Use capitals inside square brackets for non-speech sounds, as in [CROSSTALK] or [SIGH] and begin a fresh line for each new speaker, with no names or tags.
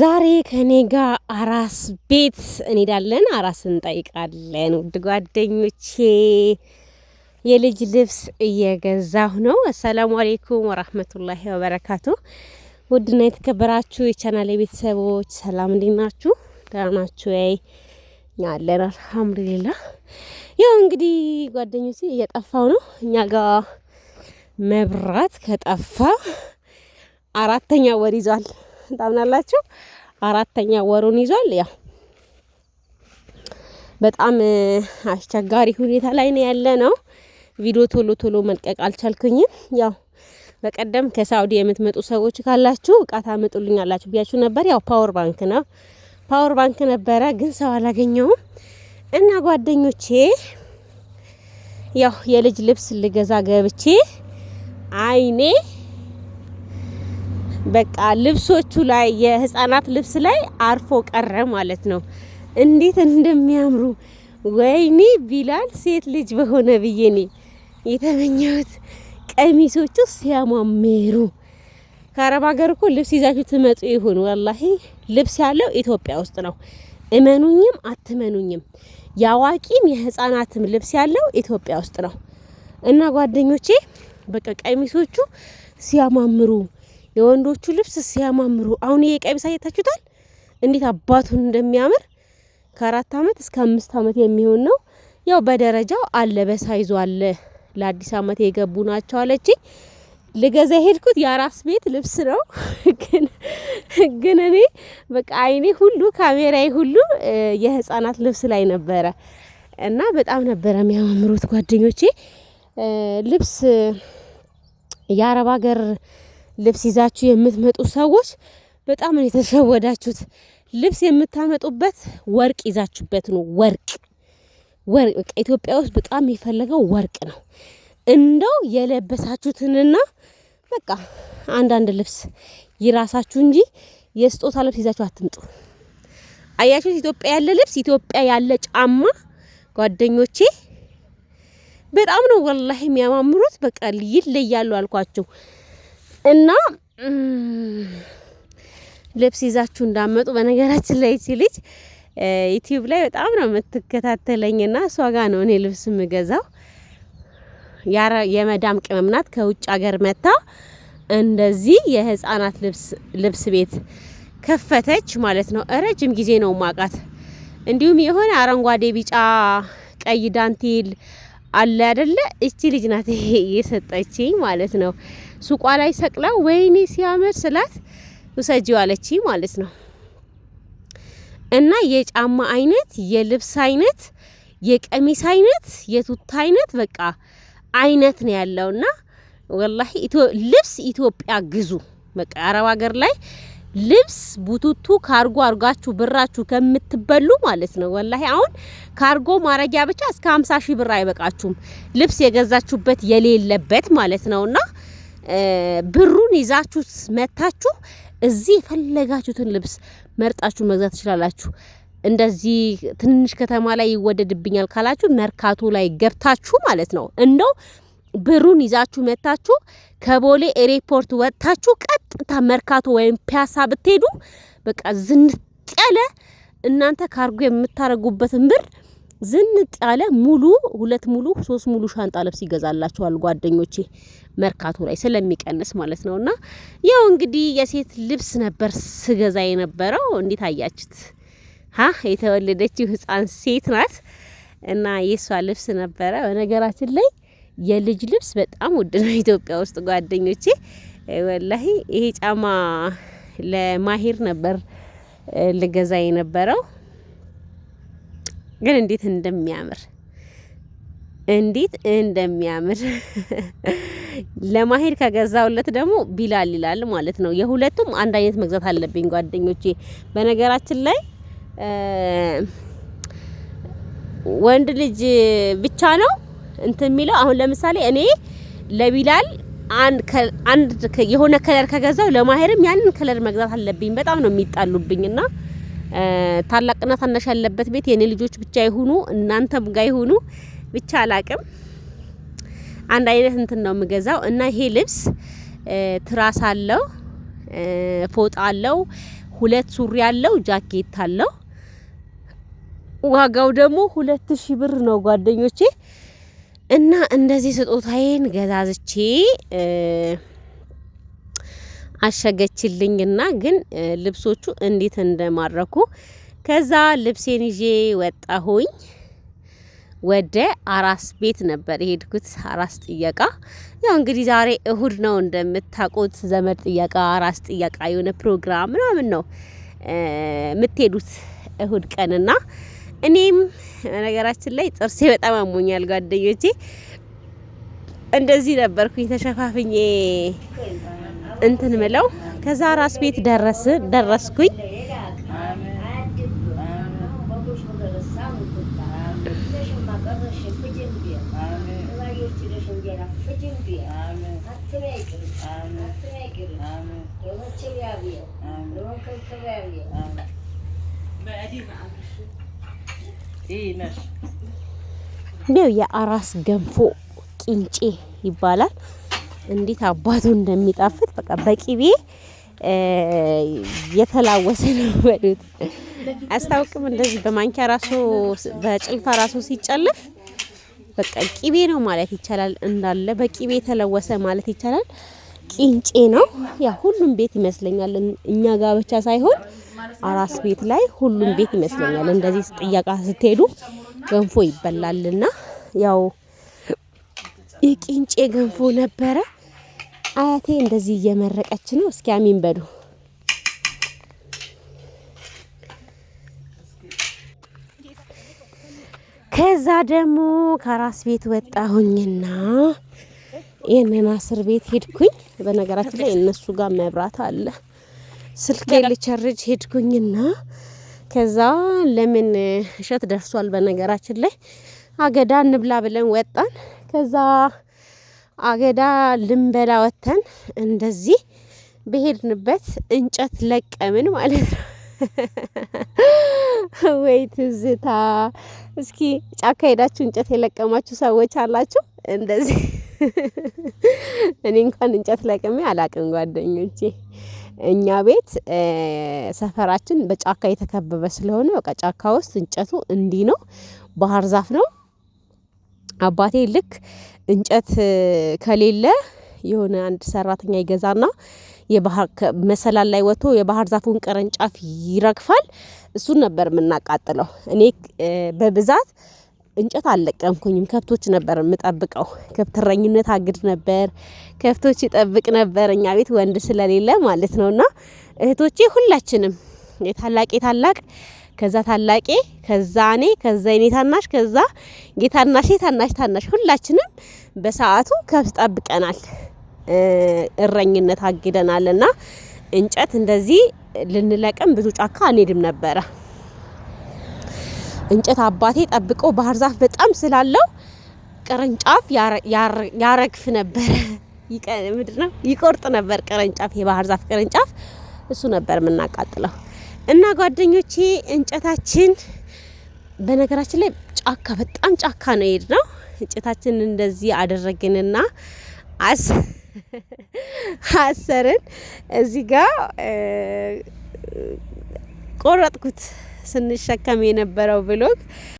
ዛሬ ከእኔ ጋር አራስ ቤት እንሄዳለን፣ አራስ እንጠይቃለን። ውድ ጓደኞቼ የልጅ ልብስ እየገዛሁ ነው። አሰላሙ አሌይኩም ወራህመቱላሂ ወበረካቱ። ውድና የተከበራችሁ የቻናል ቤተሰቦች ሰላም እንዴት ናችሁ? ደህና ናችሁ አለን አልሐምዱሊላ። ያው እንግዲህ ጓደኞቼ እየጠፋው ነው እኛ ጋር መብራት ከጠፋ አራተኛ ወር ይዟል። ታምናላችሁ? አራተኛ ወሩን ይዟል። ያው በጣም አስቸጋሪ ሁኔታ ላይ ነው ያለ ነው። ቪዲዮ ቶሎ ቶሎ መልቀቅ አልቻልኩኝም። ያው በቀደም ከሳውዲ የምትመጡ ሰዎች ካላችሁ እቃ ታመጡልኝ አላችሁ ብያችሁ ነበር። ያው ፓወር ባንክ ነው ፓወር ባንክ ነበረ፣ ግን ሰው አላገኘውም እና ጓደኞቼ ያው የልጅ ልብስ ልገዛ ገብቼ አይኔ በቃ ልብሶቹ ላይ የህፃናት ልብስ ላይ አርፎ ቀረ ማለት ነው። እንዴት እንደሚያምሩ ወይኔ ቢላል ሴት ልጅ በሆነ ብዬ እኔ የተመኘሁት ቀሚሶቹ ሲያማምሩ። ከአረብ ሀገር እኮ ልብስ ይዛችሁ ትመጡ ይሁን ወላሂ ልብስ ያለው ኢትዮጵያ ውስጥ ነው። እመኑኝም አትመኑኝም የአዋቂም የህፃናትም ልብስ ያለው ኢትዮጵያ ውስጥ ነው። እና ጓደኞቼ በቃ ቀሚሶቹ ሲያማምሩ የወንዶቹ ልብስ ሲያማምሩ አሁን ይሄ ቀሚስ አየታችሁታል እንዴት አባቱን እንደሚያምር ከአራት አመት እስከ አምስት አመት የሚሆን ነው። ያው በደረጃው አለ በሳይዙ አለ። ለአዲስ አመት የገቡ ናቸው አለችኝ። ልገዛ የሄድኩት የአራስ ቤት ልብስ ነው። [LAUGHS] ግን እኔ በቃ አይኔ ሁሉ ካሜራዬ ሁሉ የህፃናት ልብስ ላይ ነበረ እና በጣም ነበረ የሚያማምሩት ጓደኞቼ ልብስ የአረብ ሀገር ልብስ ይዛችሁ የምትመጡ ሰዎች በጣም ነው የተሸወዳችሁት። ልብስ የምታመጡበት ወርቅ ይዛችሁበት ነው። ወርቅ ወርቅ ኢትዮጵያ ውስጥ በጣም የሚፈለገው ወርቅ ነው። እንደው የለበሳችሁትንና በቃ አንዳንድ ልብስ ይራሳችሁ እንጂ የስጦታ ልብስ ይዛችሁ አትምጡ። አያችሁት? ኢትዮጵያ ያለ ልብስ፣ ኢትዮጵያ ያለ ጫማ ጓደኞቼ በጣም ነው ወላሂ የሚያማምሩት። በቃ ይለያሉ አልኳቸው። እና ልብስ ይዛችሁ እንዳመጡ በነገራችን ላይ ቺ ልጅ ዩቲዩብ ላይ በጣም ነው የምትከታተለኝና እሷ ጋ ነው እኔ ልብስ የምገዛው። የመዳም ቅመም ናት ከውጭ ሀገር መታ እንደዚህ የህፃናት ልብስ ቤት ከፈተች ማለት ነው። ረጅም ጊዜ ነው ማቃት። እንዲሁም የሆነ አረንጓዴ፣ ቢጫ፣ ቀይ ዳንቴል አለ አይደለ? እቺ ልጅ ናት የሰጠችኝ ማለት ነው። ሱቋ ላይ ሰቅላ ወይኔ ሲያምር ስላት ውሰጂው አለችኝ ማለት ነው። እና የጫማ አይነት፣ የልብስ አይነት፣ የቀሚስ አይነት፣ የቱታ አይነት በቃ አይነት ነው ያለውና ወላሂ ልብስ ኢትዮጵያ ግዙ። በቃ አረብ ሀገር ላይ ልብስ ቡቱቱ ካርጎ አርጋችሁ ብራችሁ ከምትበሉ ማለት ነው። ወላሂ አሁን ካርጎ ማረጊያ ብቻ እስከ 50 ሺህ ብር አይበቃችሁም ልብስ የገዛችሁበት የሌለበት ማለት ነውና ብሩን ይዛችሁ መታችሁ እዚህ የፈለጋችሁትን ልብስ መርጣችሁ መግዛት ትችላላችሁ። እንደዚህ ትንሽ ከተማ ላይ ይወደድብኛል ካላችሁ መርካቶ ላይ ገብታችሁ ማለት ነው እንደው ብሩን ይዛችሁ መታችሁ ከቦሌ ኤሬፖርት ወጥታችሁ ቀጥታ መርካቶ ወይም ፒያሳ ብትሄዱ በቃ ዝንጥ ያለ እናንተ ካርጎ የምታደርጉበትን ብር ዝንጥ ያለ ሙሉ ሁለት ሙሉ ሶስት ሙሉ ሻንጣ ልብስ ይገዛላችኋል ጓደኞቼ። መርካቶ ላይ ስለሚቀንስ ማለት ነው። እና ያው እንግዲህ የሴት ልብስ ነበር ስገዛ የነበረው። እንዴት አያችሁት? ሀ የተወለደችው ህፃን ሴት ናት እና የእሷ ልብስ ነበረ። በነገራችን ላይ የልጅ ልብስ በጣም ውድ ነው ኢትዮጵያ ውስጥ ጓደኞቼ። ወላሂ ይሄ ጫማ ለማሄር ነበር ልገዛ የነበረው ግን እንዴት እንደሚያምር እንዴት እንደሚያምር [LAUGHS] ለማሄድ ከገዛውለት ደግሞ ቢላል ይላል ማለት ነው። የሁለቱም አንድ አይነት መግዛት አለብኝ ጓደኞቼ። በነገራችን ላይ ወንድ ልጅ ብቻ ነው እንትን የሚለው። አሁን ለምሳሌ እኔ ለቢላል አንድ የሆነ ከለር ከገዛው ለማሄርም ያንን ከለር መግዛት አለብኝ። በጣም ነው የሚጣሉብኝና ታላቅና ታናሽ ያለበት ቤት የኔ ልጆች ብቻ ይሁኑ እናንተም ጋር ይሁኑ ብቻ አላቅም። አንድ አይነት እንትን ነው የምገዛው እና ይሄ ልብስ ትራስ አለው፣ ፎጣ አለው፣ ሁለት ሱሪ አለው፣ ጃኬት አለው። ዋጋው ደግሞ ሁለት ሺ ብር ነው ጓደኞቼ። እና እንደዚህ ስጦታዬን ገዛዝቼ አሸገችልኝና ግን ልብሶቹ እንዴት እንደማረኩ ከዛ ልብሴን ይዤ ወጣሁኝ። ወደ አራስ ቤት ነበር የሄድኩት። አራስ ጥየቃ ያው እንግዲህ ዛሬ እሁድ ነው እንደምታውቁት፣ ዘመድ ጥየቃ፣ አራስ ጥየቃ የሆነ ፕሮግራም ምናምን ነው የምትሄዱት እሁድ ቀንና እኔም ነገራችን ላይ ጥርሴ በጣም አሞኛል ጓደኞቼ። እንደዚህ ነበርኩኝ ተሸፋፍኜ እንትን ምለው። ከዛ አራስ ቤት ደረስ ደረስኩኝ እንዲው የአራስ ገንፎ ቂንጬ ይባላል። እንዴት አባቱ እንደሚጣፍጥ በቃ በቂቤ የተላወሰ ነው በሉት። አስታውቅም እንደዚህ በማንኪያ ራሱ በጭልፋ ራሱ ሲጨልፍ በቃ ቂቤ ነው ማለት ይቻላል። እንዳለ በቂቤ የተለወሰ ማለት ይቻላል። ቂንጬ ነው። ያ ሁሉም ቤት ይመስለኛል እኛ ጋር ብቻ ሳይሆን አራስ ቤት ላይ ሁሉም ቤት ይመስለኛል። እንደዚህ ጥያቃ ስትሄዱ ገንፎ ይበላልና ያው የቂንጬ ገንፎ ነበረ። አያቴ እንደዚህ እየመረቀች ነው። እስኪ አሚን በሉ። ከዛ ደግሞ ከራስ ቤት ወጣሁኝና ይህንን አስር ቤት ሄድኩኝ። በነገራችን ላይ እነሱ ጋር መብራት አለ። ስልክ ልቸርጅ ሄድኩኝና ከዛ ለምን እሸት ደርሷል። በነገራችን ላይ አገዳ እንብላ ብለን ወጣን። ከዛ አገዳ ልንበላ ወጥተን እንደዚህ በሄድንበት እንጨት ለቀምን ማለት ነው። [LAUGHS] ወይ ትዝታ። እስኪ ጫካ ሄዳችሁ እንጨት የለቀማችሁ ሰዎች አላችሁ? እንደዚህ [LAUGHS] እኔ እንኳን እንጨት ለቅሜ አላቅም ጓደኞቼ። እኛ ቤት ሰፈራችን በጫካ የተከበበ ስለሆነ በቃ ጫካ ውስጥ እንጨቱ እንዲህ ነው፣ ባህር ዛፍ ነው። አባቴ ልክ እንጨት ከሌለ የሆነ አንድ ሰራተኛ ይገዛና መሰላል ላይ ወጥቶ የባህር ዛፉን ቅርንጫፍ ይረግፋል። እሱን ነበር የምናቃጥለው። እኔ በብዛት እንጨት አልለቀምኩኝም። ከብቶች ነበር የምጠብቀው። ከብት እረኝነት አግድ ነበር። ከብቶች ይጠብቅ ነበር እኛ ቤት ወንድ ስለሌለ ማለት ነውና እህቶቼ ሁላችንም የታላቄ ታላቅ ከዛ ታላቄ ከዛ እኔ ከዛ የኔ ታናሽ ከዛ ጌታናሽ ታናሽ ታናሽ ሁላችንም በሰዓቱ ከብት ጠብቀናል። እረኝነት አግደናል እና እንጨት እንደዚህ ልንለቅም ብዙ ጫካ አንሄድም ነበረ። እንጨት አባቴ ጠብቆ ባህር ዛፍ በጣም ስላለው ቅርንጫፍ ያረግፍ ነበረ። ምንድን ነው ይቆርጥ ነበር ቅርንጫፍ፣ የባህር ዛፍ ቅርንጫፍ እሱ ነበር የምናቃጥለው። እና ጓደኞቼ እንጨታችን በነገራችን ላይ ጫካ በጣም ጫካ ነው ሄድ ነው። እንጨታችን እንደዚህ አደረግንና አስ አሰርን እዚህ ጋ ቆረጥኩት ስንሸከም የነበረው ብሎግ